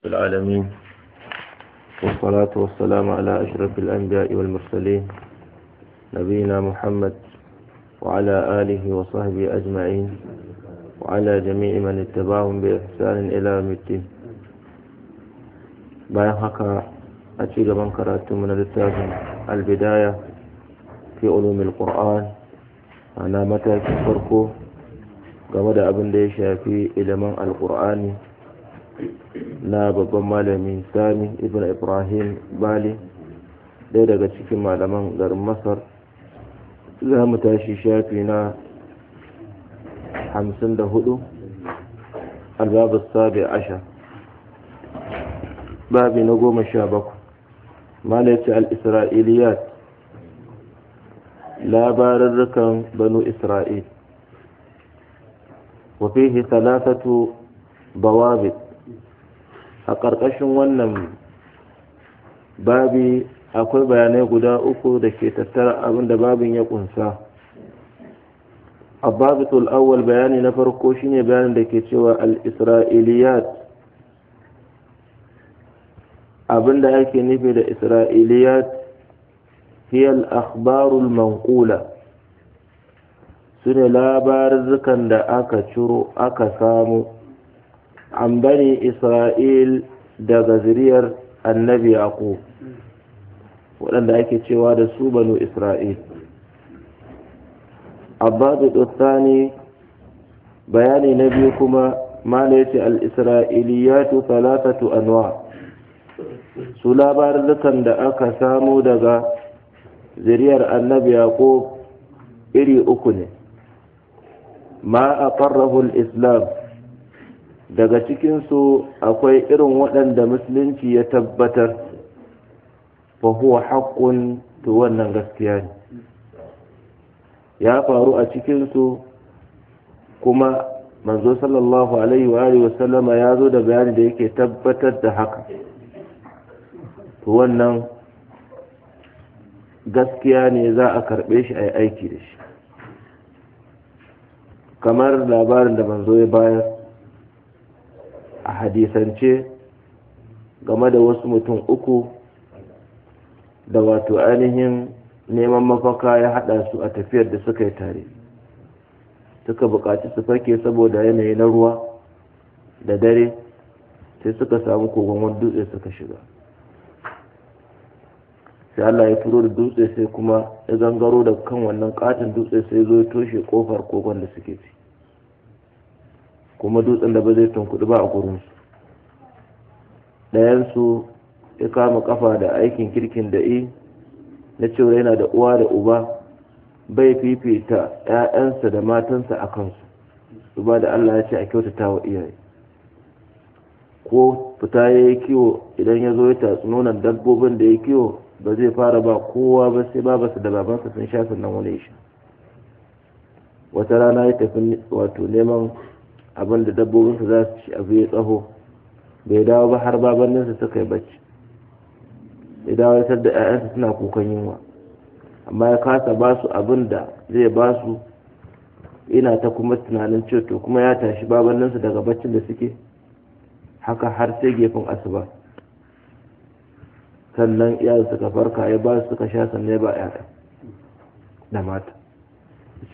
العالمين والصلاة والسلام على أشرف الأنبياء والمرسلين نبينا محمد وعلى آله وصحبه أجمعين وعلى جميع من اتبعهم بإحسان إلى الدين bayan haka a ci gaban karatu na littafin albidaya fi ulumil qur'an ana matakin farko game da abin da ya shafi ilimin alqur'ani na babban malami sami ibn ibrahim bali ɗaya daga cikin malaman garin masar za mu tashi shafi na hamsin da hudu albabu sabi asha babi na goma sha bakwai malayci al-isra'iliyat labarurrukan banu isra'il wafihi ثلاثة bawabi a ƙarƙashin wannan babi akwai bayanai guda uku da ke tattara abin da babin ya kunsa abbabitul awwal bayani na farko shine bayanin da ke cewa al-isra'iliyat abin da ake nufi da isra'iliyat hiya al-akhbarul manqula sune labarin da aka ciro aka samu an bani isra'il daga zuriyar annabi waɗanda ake cewa da su banu isra'il abbadu dutsani bayani na biyu kuma mala yace al-isra'iliyatu thalathatu anwa su labarukan da aka samu daga ziriyar annabi yaqub iri uku ne ma aqarrahu al-islam daga cikinsu akwai irin waɗanda musulunci ya tabbatar fahuwa haƙƙun to wannan gaskiya ne ya faru a cikinsu kuma manzo sallallahu alaihi wa alihi wasallama ya zo da bayani da yake tabbatar da haka to wannan gaskiya ne za a karɓe shi a aiki da shi kamar labarin da manzo ya bayar hadisance game da wasu mutum uku da wato ainihin neman mafaka ya haɗa su a tafiyar da suka yi tare suka buƙaci su fake saboda yanayi na ruwa da dare sai suka samu kogon wani dutse suka shiga sai Allah ya turo da dutse sai kuma ya zangaro da kan wannan katin dutse sai zo ya toshe kofar kogon da suke ci kuma dutsen da ba zai tunkuɗi ba a gurinsu ɗayansu ya kama kafa da aikin kirkin da i na cewa yana da uwa da uba bai fifita 'ya'yansa da matansa a kansu ba da allah ya ce a kyautata wa iyaye ko fita ya yi kiwo idan ya zo ya tatsi dabbobin da ya kiwo ba zai fara ba kowa ba sai basu da babansa sun sha sannan wani shi wata rana ya tafi wato neman abin da dabbobinsa za su ci abu ya tsaho bai dawo ba har babanninsa suka yi bacci ya dawo ya da 'ya'yansa suna kukan yunwa amma ya kasa ba su abin da zai ba su ina ta kuma tunanin ceto kuma ya tashi babanninsa daga baccin da suke haka har sai gefen asuba sannan iyayen suka farka ya ba su suka sha sannan ya ba 'ya'ya da mata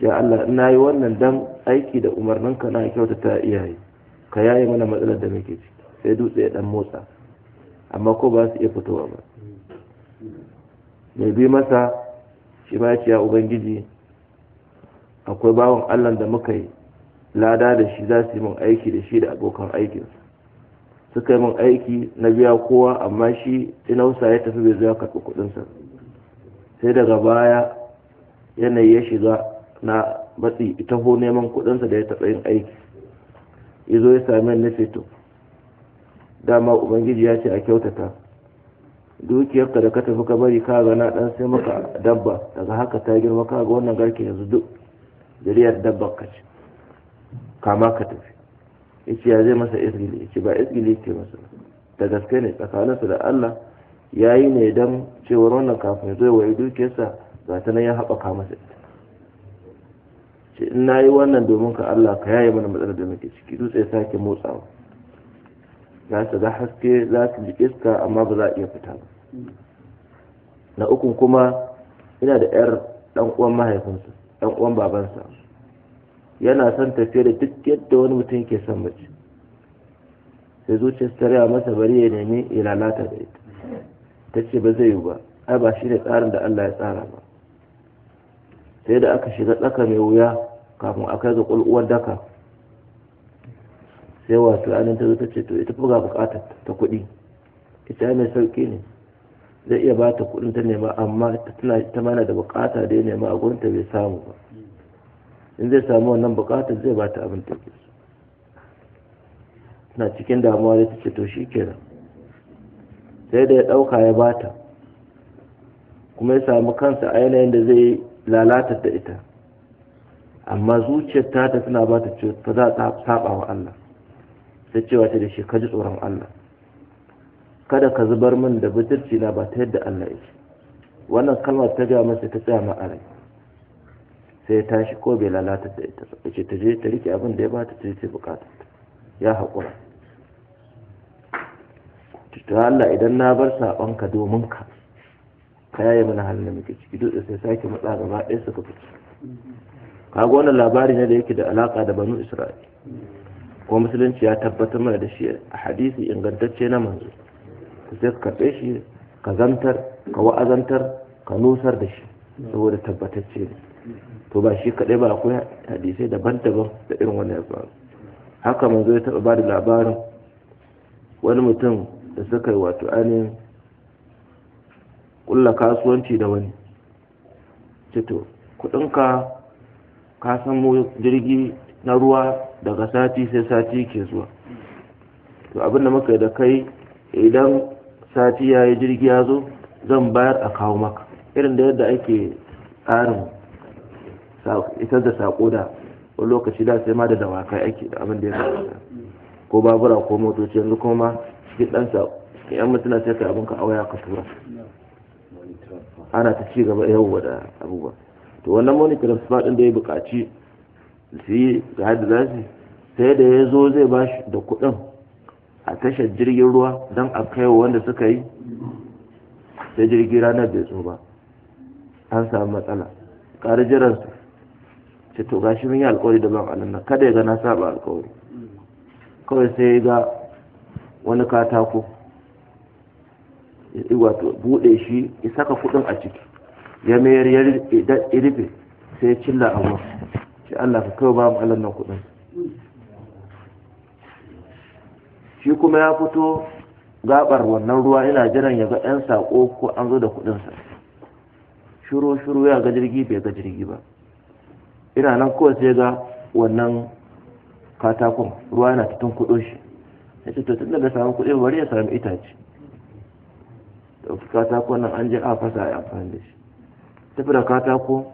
sai Allah ina yi wannan dan aiki da umarnin umarninka na ta iyaye ka yayi mana matsalar da muke ciki sai dutse ya dan motsa amma ko ba su iya fitowa ba mai bi masa shi ba ya ubangiji akwai bawon Allah da muka yi lada da shi za su yi min aiki da shi da abokan aikinsa suka yi min aiki na biya kowa amma shi inausa ya tafi bai zuwa karɓi sa. sai daga baya yanayi ya shiga na matsi ita ho neman kudinsa da ya taɓa yin aiki zo ya sami na feto dama ubangiji ya ce a kyautata dukiyarka da ka tafi ka bari ka na dan sai maka dabba daga haka ta girma ka ga wannan garke yanzu duk zuriyar dabba ka ce kama ka tafi yace ya zai masa isgili yace ba isgili ke masa da gaske ne tsakaninsa da Allah yayi ne dan cewar wannan kafin zai wayi dukiyarsa ga ta nan ya haɓaka masa ita ce in na yi wannan domin ka Allah ka yaye mana matsalar da muke ciki dutse ya sake motsawa za su ga haske za su ji iska amma ba za a iya fita ba na ukun kuma ina da yar dan uwan mahaifinsa dan uwan babansa yana son tafiya da duk yadda wani mutum ke son mace sai zuciyar ta masa bari ya nemi ilalata da ita ta ce ba zai yi ba ai ba shi ne tsarin da Allah ya tsara ba sai da aka shiga tsaka mai wuya kafin a kai ga kulkuwar daka sai wato anin ta zo ta ce to ita ga bukatar ta kuɗi ita mai sauki ne zai iya ba ta kuɗin ta nema amma ta mana da bukata da ya nema a gurin ta bai samu ba in zai samu wannan bukatar zai ba ta abin ta ke na cikin damuwa da ta ce to shi kenan sai da ya ɗauka ya bata kuma ya samu kansa a yanayin da zai lalatar da ita amma zuciyar ta ta suna ba ta ce ta za ta saba wa Allah sai cewa ta da shi ka ji tsoron Allah kada ka zubar min da butulci na ba ta yadda Allah yake wannan kalmar ta gaya masa ta tsaya ma sai ta shi ko bai lalata da ita ba ce ta je ta rike abin da ya ba ta ce bukata ya haƙura ta Allah idan na bar saɓonka domin ka ka mana halin da muke ciki duk da sai sake matsa gaba ɗaya suka fice kaga wannan labari ne da yake da alaka da banu isra'i kuma musulunci ya tabbatar mana da shi a hadisi ingantacce na manzo sai ka karɓe shi ka zantar ka wa'azantar ka nusar da shi saboda tabbatacce ne to ba shi kaɗai ba akwai hadisai daban-daban da irin wannan ya faru haka manzo ya taɓa ba da labarin wani mutum da suka yi wato ainihin kulla kasuwanci da wani cito kudinka ka san jirgi na ruwa daga sati sai sati ke zuwa to abin da muka da kai idan sati ya yi jirgi ya zo zan bayar a kawo maka irin da yadda ake tsarin isar da sako da wani lokaci da sai ma da dawakai ake da abin da ya kamata ko babura ko motoci yanzu kuma ma cikin sako yan mutuna sai ka abinka a waya ka tura ana ta ci gaba yawwa da abubuwa to wannan monitor spa din da ya buƙaci su yi ga hadda za sai da ya zo zai ba shi da kuɗin a tashar jirgin ruwa don a kai wanda suka yi sai jirgin ranar bai zo ba an samu matsala ƙari su ce to gashi mun yi alkawari da ban alanna kada ya ga na saba alkawari kawai sai ya ga wani katako wato bude shi ya saka kudin a ciki ya mayar ya rufe sai ya cilla a wurin shi Allah ka kai ba mu nan kudin shi kuma ya fito gabar wannan ruwa ina jiran ya ga yan sako ko an zo da kudin sa shiro shiro ya ga jirgi bai ga jirgi ba ina nan kawai sai ga wannan katakon ruwa yana tutun kudin shi ya ce to tun daga samun kudin bari ya samu itace katako nan an je a fasa a amfani da shi tafi da katako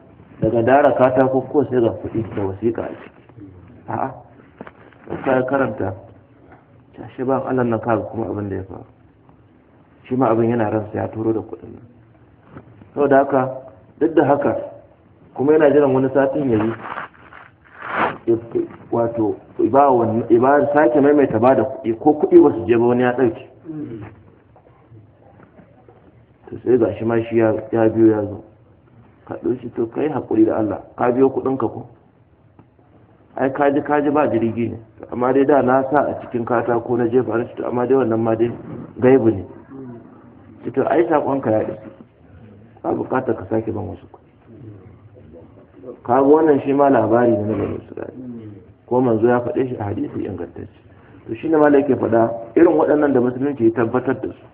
daga dara katako ko sai ga kuɗi da wasiƙa a ciki a'a ka karanta ta shi ban allah na kaga kuma abin da ya faru shi ma abin yana ransa ya turo da kuɗin nan saboda haka duk da haka kuma yana jiran wani satin ya yi wato ibar sake maimaita ba da kuɗi ko kuɗi ba su je ba wani ya ɗauke to sai ga shi ma shi ya biyo ya zo ka shi to kai haƙuri da Allah ka biyo kuɗinka ko ai kaji kaji ba jirgi ne amma dai da na sa a cikin katako na jefa na to amma dai wannan ma dai gaibu ne to ai sakonka ya isa ka buƙatar ka sake ban wasu kaga wannan shi ma labari ne na bani isra'ila ko manzo ya faɗe shi a hadisi ingantacce to shine malaka yake faɗa irin waɗannan da musulunci ya tabbatar da su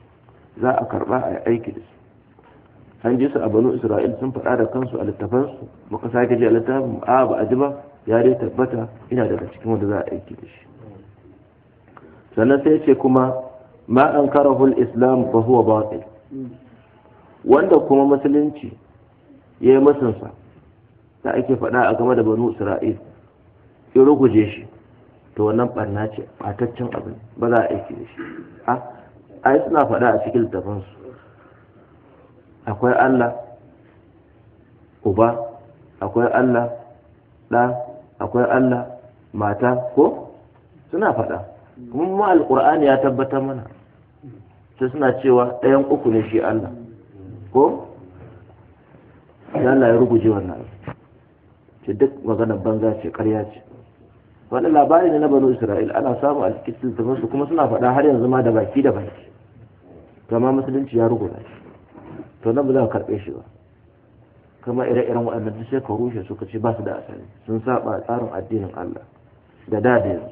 za a karba a yi aiki da su an ji su a banu isra'il sun faɗa da kansu a littafansu muka sake ji a littafin a ba a ji ba ya dai tabbata ina daga cikin wanda za a aiki da shi sannan sai ce kuma ma an karahul islam ba huwa batil wanda kuma musulunci ya yi masansa ta ake faɗa a game da banu isra'il ya ruguje shi to wannan barna ce ɓataccen abin ba za a aiki da shi ah, ai suna faɗa a cikin littafansu akwai Allah uba akwai Allah ɗa akwai Allah mata ko suna faɗa kuma alƙur'ani ya tabbatar mana sai suna cewa ɗayan uku ne shi Allah ko Allah ya ruguje wannan ce duk magana banza ce ƙarya ce wani labari ne na banu isra'il ana samu a cikin kuma suna faɗa har yanzu ma da baki da baki kama musulunci ya ruguza shi to nan ba za ka karɓe shi ba kama ire-iren waɗanda duk sai ka rushe su ka ce ba su da asali sun saba tsarin addinin Allah da da da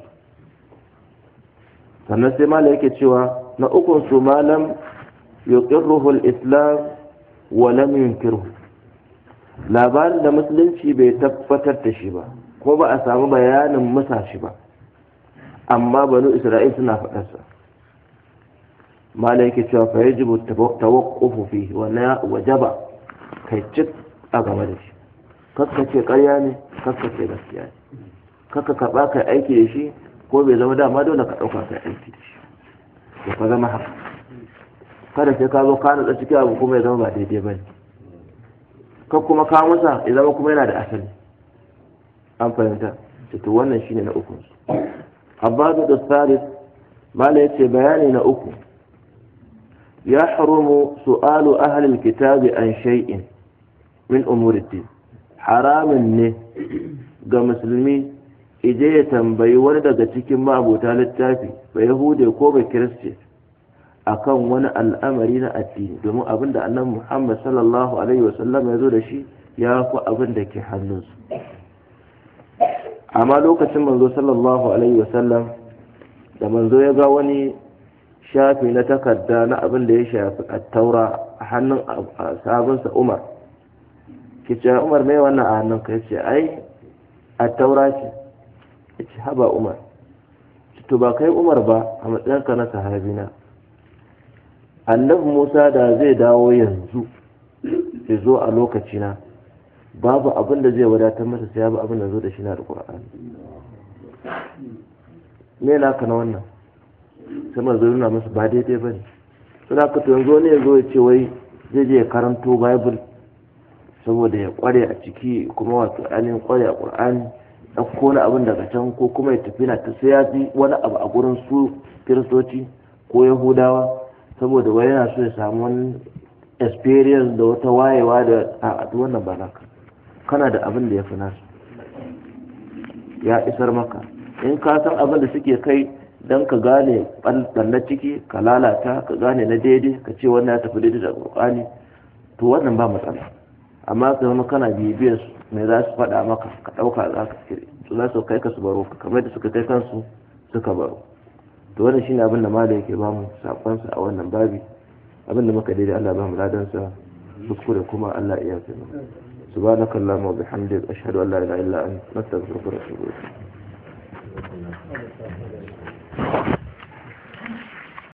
sannan sai mala yake cewa na ukun su malam yuqirruhu al-islam wa lam labarin da musulunci bai tabbatar da shi ba ko ba a samu bayanin musa shi ba amma banu isra'il suna faɗarsa mala yake cewa fa yajibu tawaqqufu fi wa na wajaba kai cik a gaba da shi kaka ce ƙarya ne kaka ce gaskiya ne ka karɓa kai aiki da shi ko bai zama dama dole ka ɗauka kai aiki da shi ya ka zama haka kada sai ka zo ka nutsa ciki abu kuma ya zama ba daidai ba ne ka kuma ka musa ya zama kuma yana da asali an fahimta to wannan shine na uku abba da tsaris mala yace bayani na uku يحرم سؤال أهل الكتاب an شيء min أمور الدين Haramin ne ga musulmi ije ya tambayi wani daga cikin mabuta littafi ba yahude ko ba kiristi akan wani al'amari na addini domin abin da annabi muhammad sallallahu alaihi wasallam ya zo da shi ya fi abin da ke hannunsu amma lokacin manzo sallallahu alaihi wasallam da manzo ya ga wani shafi na takarda na abin da ya shafi a taura a hannun sabinsa umar ke ce umar mai wannan a hannun ka ce ai a taura ce ya ce haba umar to ba kai umar ba a matsayinka na sahabi na annabi musa da zai dawo yanzu ya zo a lokacina babu abin da zai wadatar masa sai ya abin da zo da shi na da ƙur'ani me na wannan sai manzo nuna musu ba daidai bane suna ka to yanzu wani yanzu ya ce wai zai je karanto bible saboda ya kware a ciki kuma wato ainihin kware a qur'ani ɗauko wani abin daga can ko kuma ya tafi na ta sai ya wani abu a gurin su kiristoci ko yahudawa saboda wai yana so ya samu wani experience da wata wayewa da a wannan ba naka kana da abin da ya fi nasu ya isar maka in ka san abin da suke kai don ka gane ɓallar ciki ka lalata ka gane na daidai ka ce wannan ya tafi daidai da ƙur'ani to wannan ba matsala amma ka zama kana bibiyar su mai za su faɗa maka ka ɗauka za ka za su kai ka su baro ka kamar da suka kai kansu suka baro to wannan shine abin da malai yake ba mu sakonsa a wannan babi abin da muka daidai Allah ba mu ladansa kuskure kuma Allah iya kai mu subhanakallahumma wa bihamdika ashhadu an allah ya illa anta astaghfiruka wa atubu ilaik